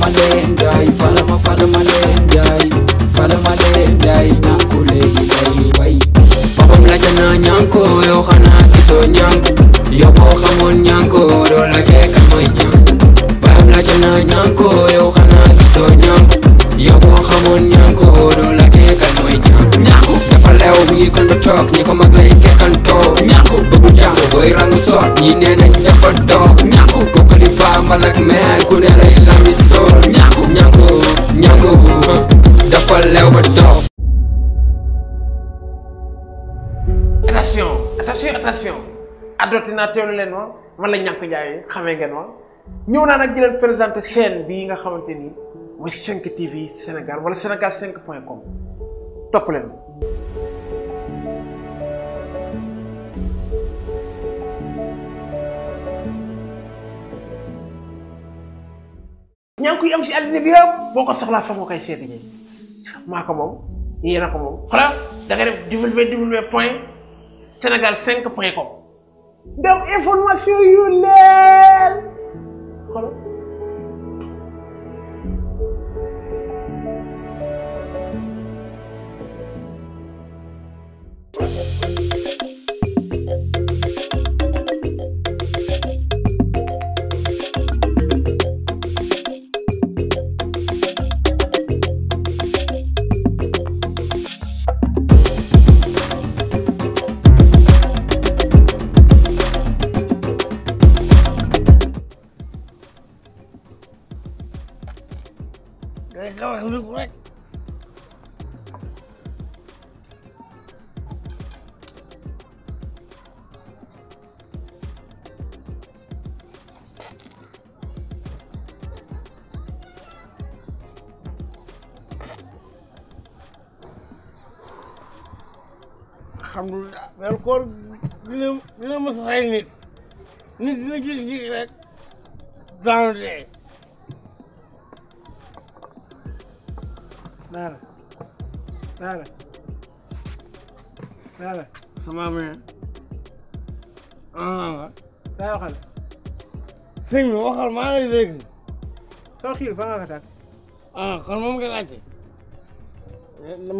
ma leen jaay fal ma fal ma leen jaay fal ma leen jaay ñànku day way boppam la jënd naa ñànku yow xanaa la jekk mooy ñànku boppam xanaa gisoo ñànku yow xamoon ñànku doo la jekk mooy ñànku ñànku dafa leew mi ngi kon du toog ñi ko mag lay kekkantoo ñànku bëggu jàng booy rangu soot ñi nee nañ dafa doog ñànku làmbal ak meen ku ne lay lami sool ñànku ñànku ñànku dafa ba dof attention attention attention addotina teelu leen ma man la ñànku njaay xamee ñëw naa nag di leen présenté chaîne bii nga xamante ni mooy 5 TV Sénégal wala Sénégal 5 point com topp leen ñaa ngi koy am si àddina boo ko soxlaa foofu nga koy seeti ji maa ko moom yéen a ko moom xoolal da nga def point sénégal 5 point information yu leer alhamdulilah weeru koor dina dina mos a rey nit nit dina jékki-jékki rek daanu dee daara daara daara sama ma ah daa waxal sëñ bi waxal maa ngi lay dégg soo xiir fa nga ko tàkk ah kon moom nga laajte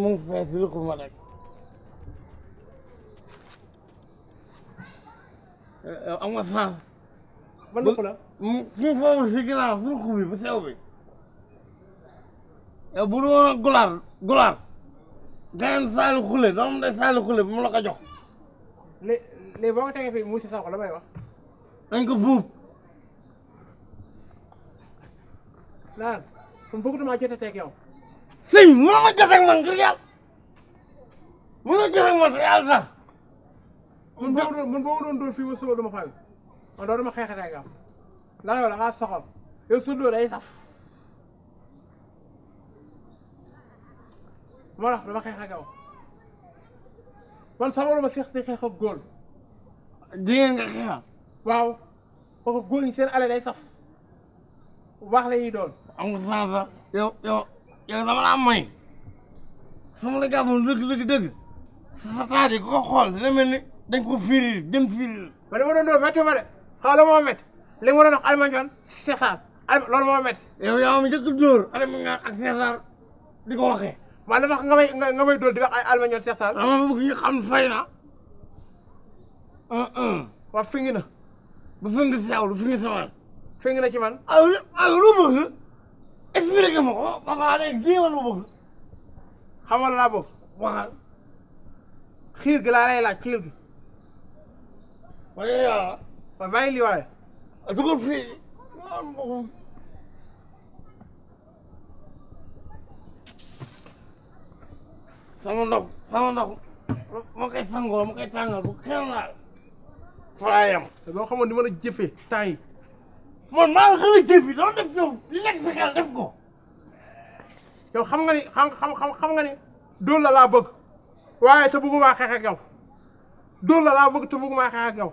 mu ngi fay si lu ko ma rek am nga sens. man lépp la mu mu foofu bu sew bi. yow eh, bu dul woon ak gulaar gulaar. gàncax saali xule doom day saali xule bi mu la ko jox. léegi léegi boo ko tegee fii mu si sax la may wax. dañ ko buub. naan kon bëggatuma jotee teg yow. sëñ mënoo ma jotee ak man ngir yàlla mënoo jotee ak man mun boobu doon mun boobu doon dóor fii ba suba du ma fayu man doo dama xeexatee ak yow ndax yow da ngaa soxal yow su dóor day saf moo tax dama xeex ak yow man sabaru ma xeex di xeex ak góor jigéen nga xeexa waaw parce que góor ñi seen ale day saf bu baax la ñuy doon am nga sens sax yow yow yow dama la am may sama la gàmmoon dëgg dëgg dëgg sa taat yi ku ko xool dina mel ni dañ ko firir dem firir. wala ma doon doon métti ma de xaw la moo métti li mu war a dox Aliouma Ndiol César Aliouma moo métti. yow yaa ma njëkk a dóor Aliouma Ndiol ak César di ko waxee. waaw la tax nga di wax Aliouma Ndiol César. waaw ah, ma bëgg ñu xam fay na. un un. waaw fi ngi na. ba ci man. aw ah, aw ah, lu bëgg expliqué ma ko ma ko wax ne géewal ma bëgg. xamal laa bëgg. waxal. xiir gi laa lay laaj xiir gi. Mày à? Mày vay liều này. Ở chỗ con phị. Sama dong, sama dong. Makai sanggol, makai tanggal, bukan lah. Frayam. Lo kamu di mana jefe? Tai. Mon mau kali đi lo def lo, relax sekali def ko. Yow xam nga ni xam xam xam xam nga ni là la laa bëgg waaye te bëgguma xeex ak yow là la laa bëgg te bëgguma xeex ak yow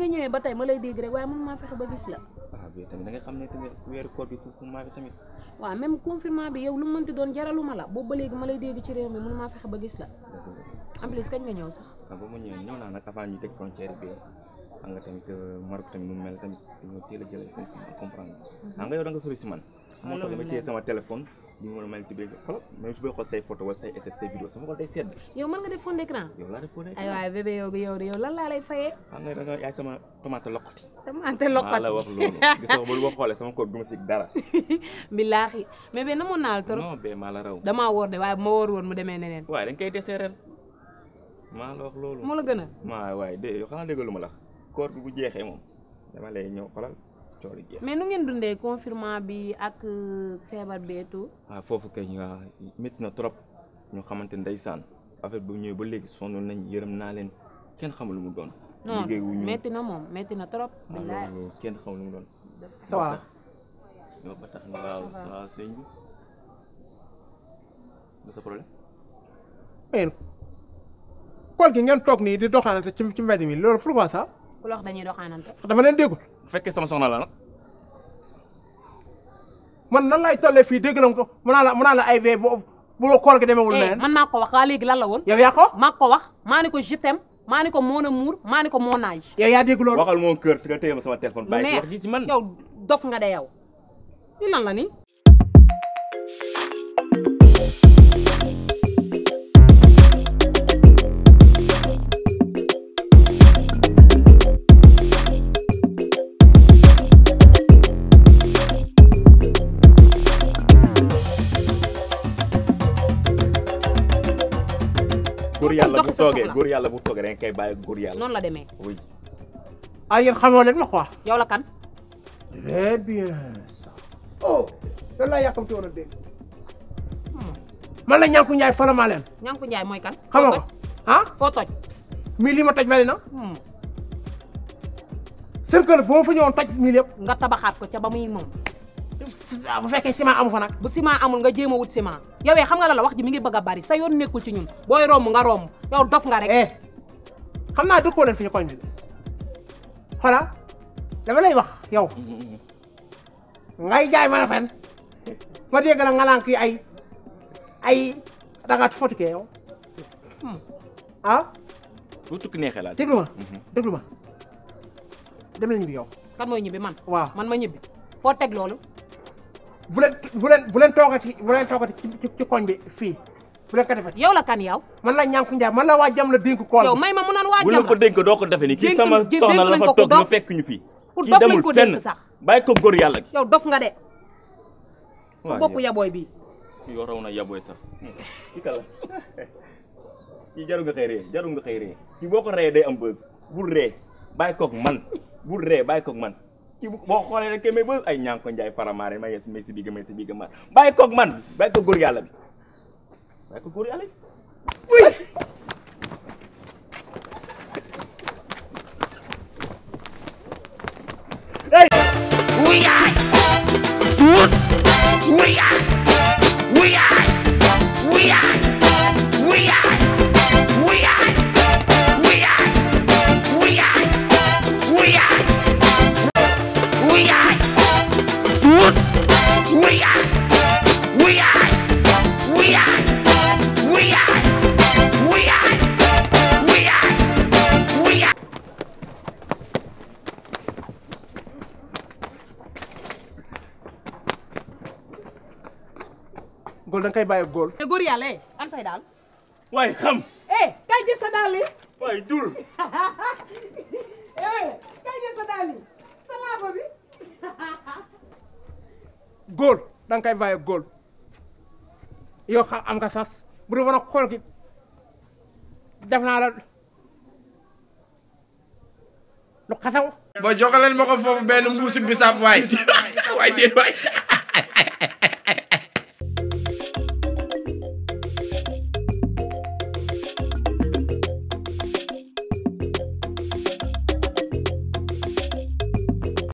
nga ñëwé ba tay ma lay dégg rek waye mënu ma fexé ba gis la ah bi tamit da nga xamné tamit weeru ko bi ma bi tamit wa même confirmation bi yow lu mënti doon jaraluma la bo ba légui ma lay dégg ci réew mi mënu ma fexé ba gis la en plus kañ nga ñëw sax waaw ah, ba ma ñëw ñëw na nak avant ñu tek frontière bi xam nga tamit euh, Maroc tamit mu mel tamit dañoo teel a jël comprendre mhm. nga yow da nga sori si man mo tax dama téé sama téléphone li mu mën a mel ci biir xol même su may xool say photo wala say essai say vidéo sama xol da nga maa la wax loolu. gis ma xoolee sama naa la trop. non maa la raw. damaa woor de waaye bu ma woor woon mu demee neneen. waaye dañ koy maa la wax loolu. moo la gën a. maa waay de yow xanaa dégg lu ma la. kóor bu jeexee moom dama lay ñëw xolal coori mais nu ngeen dundee confinement bi ak euh, feebar bi et tout. Ah, foofu kay ah, métti na trop ñu xamante ndeysaan affaire bu ñëwee ba léegi sonn nañ yërëm naa leen kenn xamul lu mu doon. liggéey na moom métti na trop. Ah, kenn xamul lu doon. ça va. ñoo bi. nga sa problème. ngeen toog nii di doxaanante ci ci mi loolu pourquoi ça. ku la wax dañuy doxaanante. dafa leen déggul. fekkee sama soxna la nag. man nan laay tolle fii dégg na ko mën naa la mën naa la ay vee boo bu koor gi demewul nee eh, man maa ko wax waa léegi lan la woon. yow yaa ko maa ko wax maa ni ko je t'aime maa ni ko mon amour maa ni ko mon âge. yow yaa dégg loolu waxal moo kër te nga téye ma sama téléphone. bàyyi wax man yow dof nga de yow li lan la nii. dañ koy bàyyi nguur yàlla. noonu la demee. oui. ah yéen xamoo leen la quoi. yow la kan. très ya, bien. oh loolu laa ya, yàkkamti woon a dégg. Hmm. man la Ñanku Njaay falamaa leen. Ñanku Njaay mooy kan. xamoo ko ah foo toj. mii lii ma toj mel na. seen kër bu ma fa ñëwoon toj mii yëpp. nga tabaxaat ko ca ba muy moom. bu fekkee ciment amu fa nag. bu ciment amul nga jéem a wut ciment. yow xam nga la la wax ji mi ngi bari sa xam naa dëkkoo leen fi ñu koñ bi voilà dama lay wax yow ngay jaay ma fen ma dégg la ngalaan kii ay ay danga fotikee yow hmm. ah. bu tukki neexee laa mhm. dem la ñibbi yow. kan mooy ñibbi man. man ma ñibbi foo teg loolu. bu leen bu leen bu leen ci koñ bi fii. bu leen ko defet yow la kan yow man la ñànku njaay man la waa jam la dénk kool yow may ma mu naan waa jam la bu ko dénk doo ko defe ni kii sama soxna la fa toog nga fekk ñu fii kii demul fenn bàyyi ko góor yàlla gi yow dof nga de ku bopp yabooy bi yow raw na yabooy sax kii kala kii jaru nga xëy ree jaru nga xëy ree kii boo ko ree day am bës bul ree bàyyi koog man bul ree bàyyi koog man kii boo xoolee rek kay may bës ay ñànku njaay faramaare ma yes may si biga may si biga man bàyyi koog man bàyyi ko góor yàlla bi Aku gurih alih. Wih. Hey! Wih! Ah. Wih! Ah. góol da nga koy bàyyi góol. mais eh, góor yàlla eh am say daal. waaye xam. eh kay gis sa daal li. dul. eh kay gis sa daal li bi. góol da nga koy bàyyi góol yow am nga sas bu dee war a xool ki def naa la. lu xasaw. ba joxaleen ma ko foofu benn mbuusi bisaab waay waay déet waay.